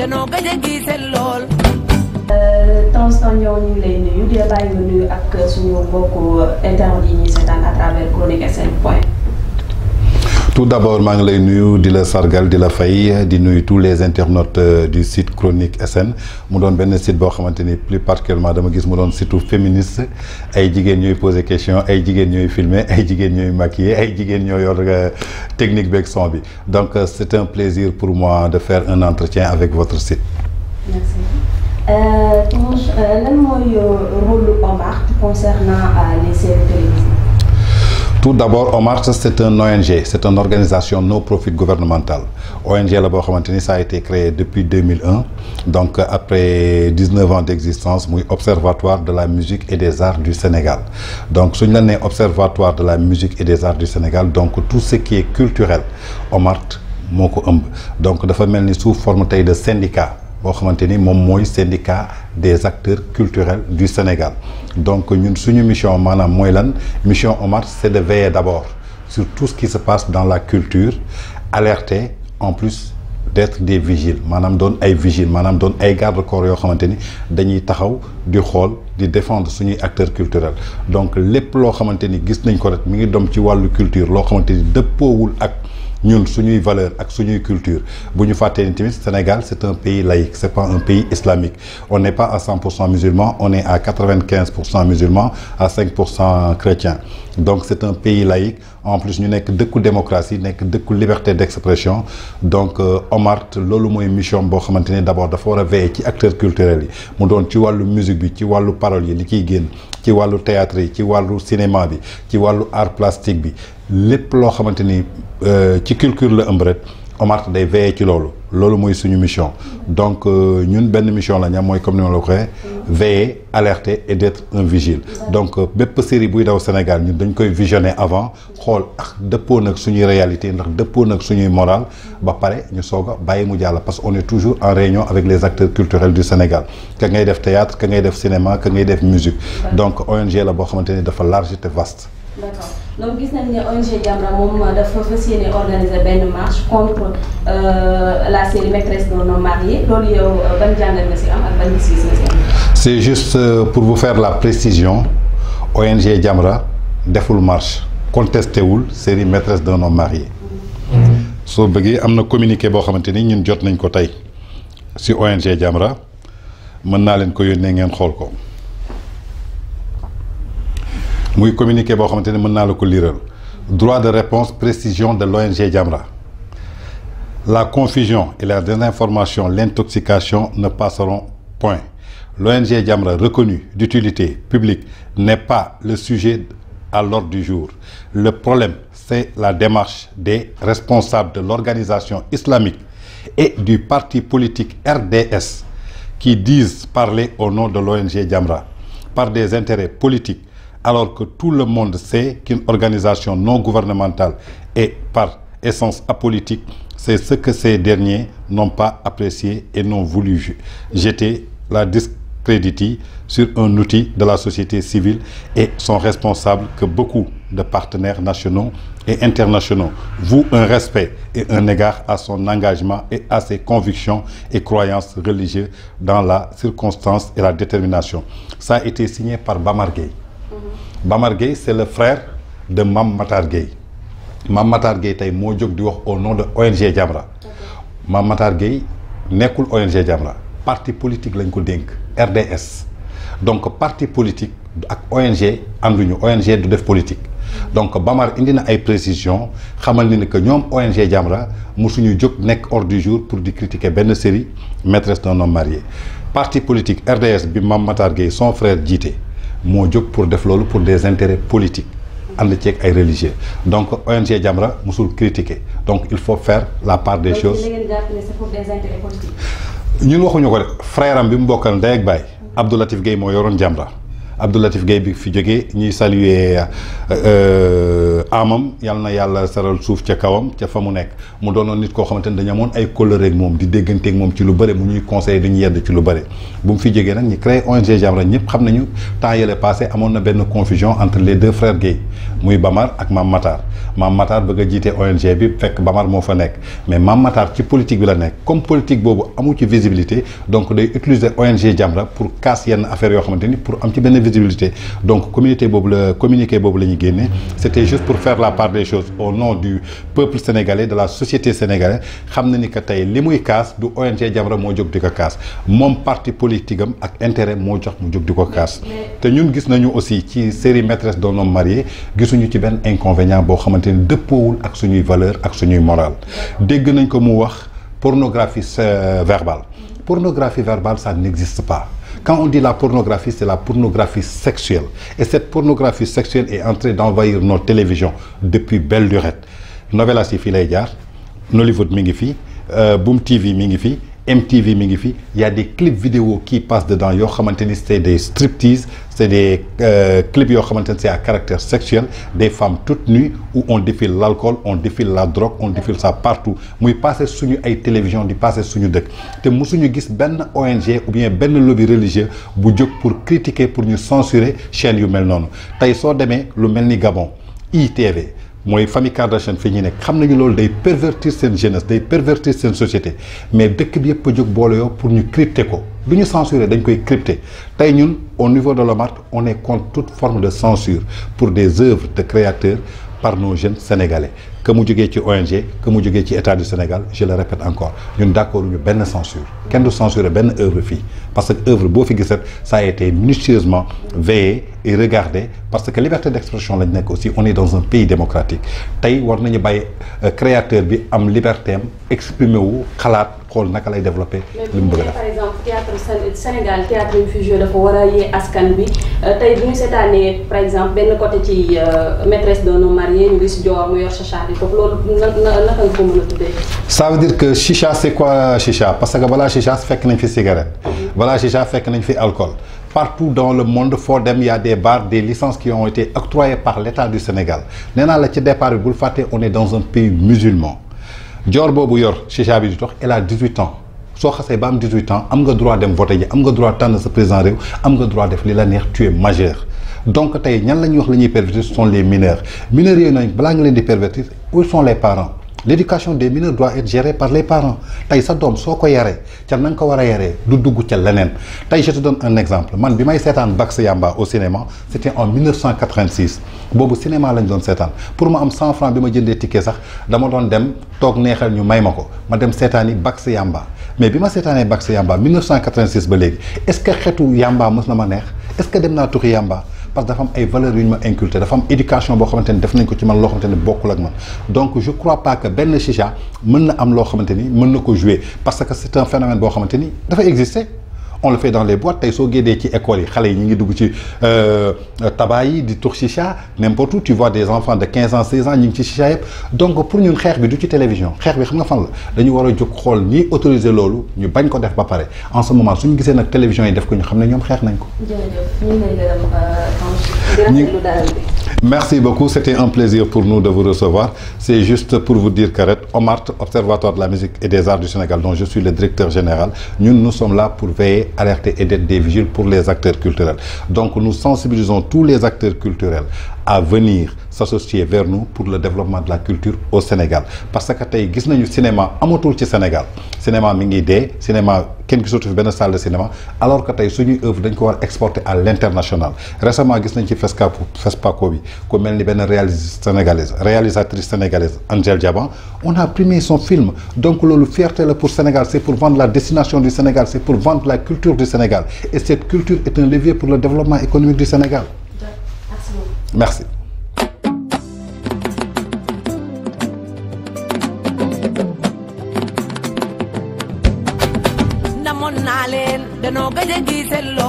danoo gëj a gisee lool. Tange Tandian ñu ngi lay nuyu di la bàyyi nga nuyu ak suñu mbokku internet yi ñuy seetaan à travers tout d'abord je ngi lay nuyu la sargal de la fay di nuyu tous les internautes euh, du site Chronique SN mu doon benn site qui est plus particulièrement dama gis mu doon surtout féministe ay jigéen posent poser question ay gens ñooy filmer ay jigéen ñooy maquiller ay jigéen ñooy yor euh, technique avec son donc euh, c'est un plaisir pour moi de faire un entretien avec votre site. Merci. est mooy rôle Omar concernant les séries tout d'abord Omar, c'est un ONG c'est une organisation non profit gouvernementale ONG ça a été créé depuis 2001 donc après 19 ans d'existence c'est observatoire de la musique et des arts du Sénégal donc c'est la observatoire de la musique et des arts du Sénégal donc tout ce qui est culturel Omar, c'est donc dafa sous forme de syndicat je syndicat des acteurs culturels du Sénégal donc ñun mission mission Omar c'est de veiller d'abord sur tout ce qui se passe dans la culture alerter en plus d'être des vigiles madame donne ay vigiles madame donne garde corps défendre acteurs culturels donc les loo xamante culture nous suñuy valeur valeurs suñuy culture bu ñu ni le Sénégal c'est un pays laïque ce n'est pas un pays islamique on n'est pas à 100 musulmans, on est à 95 musulmans, à 5 chrétiens. donc c'est un pays laïque en plus nous deux coups de démocratie deux coups de liberté d'expression. donc euh, Omar ce que mission boo xamante c'est que D'abord, il faut réveiller les acteurs culturels yi mu doon ci musique bi ci wàllu parole yi li ciy le théâtre yi ci le cinéma bi ci art plastique lépp loo xamante ni euh, ci culture la ëmb rek OMART day veiller ci loolu loolu mooy suñu mission donc euh, ñun benn mission la ñam mooy comme ni ma la ko veiller alerter et d'être un vigile donc euh, bépp série buy daw Sénégal ñun dañ koy visionner avant xool ak dëppoo nag suñuy réalité ndax dëppoo nag suñuy moral ba pare ñu soog a bàyyi mu jàll parce que on est toujours en réunion avec les acteurs culturels du Sénégal ka ngay def théâtre ka ngay def cinéma ka ngay def musique donc ONG la boo xamante ni dafa large te vaste d' donc gis nañ ne ONG Jamra moom euh, dafa fas yéene organiser benn marche contre euh, la série maîtresse d'un homme marié loolu yow euh, ban jàngat nga si am ak ban gis-gis nga si am. c' est juste pour vous faire la précision ONG Jamra deful marche contesté wul série maîtresse d'un homme marié. soo bëggee am na communiqué boo xamante ni ñun jot nañ ko tey si ONG Jamra mën naa leen ko yónnee ngeen xool ko muy droit de réponse précision de l'ONG Jamra la confusion et la désinformation l'intoxication ne passeront point l'ONG Jamra reconnue d'utilité publique n'est pas le sujet à l'ordre du jour le problème c'est la démarche des responsables de l'organisation islamique et du parti politique RDS qui disent parler au nom de l'ONG Jamra par des intérêts politiques alors que tout le monde sait qu'une organisation non gouvernementale est par essence apolitique, c'est ce que ces derniers n'ont pas apprécié et n'ont voulu jeter la discréditée sur un outil de la société civile et sont responsables que beaucoup de partenaires nationaux et internationaux vous un respect et un égard à son engagement et à ses convictions et croyances religieuses dans la circonstance et la détermination. Ça a été signé par Bamargay. Mhm. Bamar Gueye le frère de Mame Matar Gueye Mame Matar Gueye tey moo di au nom de ONG Jamra Mame Matar Gueye pas ONG Jamra parti politique lañ RDS donc parti politique ak ONG ànduñu ONG du def politique donc Bamar a na ay précisions xamal ni que ONG Jamra nous sommes hors du jour pour critiquer Une série maîtresse d'un homme marié parti politique RDS bi Gueye son frère JT moo pour def pour des intérêts politiques ànd ceeg ay religieux donc ONG Jamra musul critiquer donc il faut faire la part des choses Nous avons ko de frère am bi Bay, bokkal Abdoulatif Gueye Abdoulatif Gaye bi fi jógee ñuy saluer euh, amam yalla, na yalla saral souf ci kawam ci famu nek? mu doonoon nit ko xamante ni dañu amoon ay colère ak moom di ak mom ci lu bëri mu ñuy conseiller duñu yedd ci lu bu mu fi nak ñi créer ONG Jamra ñëpp xamnañu temps passé amone na ben confusion entre les deux frères Gaye muy Bamar ak Matar Mame Matar bëgg jité ONG bi fekk Bamar mo fa nek mais Mame Matar ci politique bi la nek comme politique bobu amu ci visibilité donc day utiliser ONG Jamra pour casse yenn affaire yo xamanteni pour am ci ben visibilité donc communauté bobu le communiqué bobu lañu ñu c'était juste pour faire la part des choses au nom du peuple sénégalais de la société sénégalaise xamna ni ka tay limuy casse du ONG Jamra mo jog di ko casse parti politique am ak intérêt mo jox mu jog di casse ñun gis nañu aussi ci série maîtresse d'un homme marié gisuñu ci ben inconvénient bo xamante de ni dëppoowul ak suñuy valeur ak suñuy morale dégg nañ ko mu wax pornographie euh, verbale pornographie verbale ça n'existe pas quand on dit la pornographie c'est la pornographie sexuelle et cette pornographie sexuelle est en train d'envahir nos télévisions depuis belle lurette novela si fii lay jaar euh, Boom TV mi MTV il y a des clips vidéo qui passent dedans Vous savez, c'est des striptease c'est des euh, clips qui ont à caractère sexuel des femmes toutes nues où on défile l'alcool on défile la drogue on défile ça partout muy passé sur la télévision di passé suñu nous. nous musuñu gis une ONG ou bien lobbies lobby religieux bu pour critiquer pour nous censurer chaîne yu mel noonu tey soo lu mel ni Gabon ITV moy famille Kardashian fi ñu nekk xam nañu day pervertir sen jeunesse day pervertir société mais dès bi yëpp a jóg le temps pour ñu crypter ko duñu censurer dañ koy crypter ñun au niveau de la marque, on est contre toute forme de censure pour des œuvres de créateurs par nos jeunes sénégalais que mu jógee ci ONG que mu jógee ci état du Sénégal je le répète encore ñun d'accord ñu benn censure kenn du censurer benn œuvre parce que œuvre beau fi ça a été minutieusement veillé et regardé parce que liberté d'expression lañ aussi on est dans un pays démocratique tey war nañu bàyyi euh, créateur bi am liberté am exprimer wu xalaat xool naka lay développer par exemple théâtre Sénégal théâtre infusion fi joué dafa war a yee askan bi année, euh, bu par exemple benn côté ci euh, maîtresse de nos mariés, ñu gis Dior mu yor ça veut dire que chicha c'est quoi chicha parce que voilà chicha fait nañ fi cigarette. voilà chicha qu'on fait fi alcool. partout dans le monde fort il y a des bars des licences qui ont été octroyées par l'État du Sénégal nee le la départ on est dans un pays musulman Dior boobu chicha bi elle a 18 ans. si tu ba 18 ans am le droit de voter tu am le droit de se présenter tu am le droit de faire la tu es majeur donc tey ñan la ñuy wax la ñuy ce sont les mineurs mineurs yooyu nañ balaa nga leen di pervertir où sont les parents l'éducation des mineurs doit être gérée par les parents tey sa doom soo ko yaree ca na nga ko war a yaree du dugg ca leneen tey je te donne un exemple man bi may seetaan Bax Yamba au cinéma c'était en 1986 boobu cinéma lañ doon seetaan pour ma am 100 francs bi ma jëndee ticket sax dama doon dem toog neexal ñu may ma ko ma dem seetaani Bax Yamba mais bi ma seetaanee Bax Yamba 1986 ba léegi est-ce que xetu Yamba mës na ma neex est-ce que dem n'a tuxi Yamba parce que la femme ay valeurs ma inculté éducation bo def nañ ko ci donc je crois pas que ben chicha na am lo jouer parce que c'est un phénomène bo exister on le fait dans les boîtes tay so génnee ci école yi xalé yi ñi ngi dugg ci euh yi di tux chicha n'importe où tu vois des enfants de 15 ans 16 ans ñi ngi ci chicha donc pour ñun xeex bi du ci télévision xeex bi xam nga fan la dañu wara juk xol xool ñiy autoriser loolu ñu bañ ko def ba paré en ce moment suñu gisé nak télévision yi def ko ñu xam na ñom xeex nañ ko. ñu Merci beaucoup, c'était un plaisir pour nous de vous recevoir. C'est juste pour vous dire qu'Arrête Omar, Observatoire de la musique et des arts du Sénégal, dont je suis le directeur général, nous, nous sommes là pour veiller, alerter et d'être des vigiles pour les acteurs culturels. Donc nous sensibilisons tous les acteurs culturels à venir s'associer vers nous pour le développement de la culture au Sénégal parce que tey gis nañu cinéma tour au Sénégal cinéma mi ngi Le cinéma qui gisatu fi une salle de cinéma alors que tey suñuy œuvre dañ ko à l'international récemment gis nañ ci FESCAP FESPACO bi ku pour une réalisatrice sénégalaise réalisatrice sénégalaise Angel Diaban on a primé son film donc le fierté pour pour Sénégal c'est pour vendre la destination du Sénégal c'est pour vendre la culture du Sénégal et cette culture est un levier pour le développement économique du Sénégal Merci. namoon naa leen danoo gëj a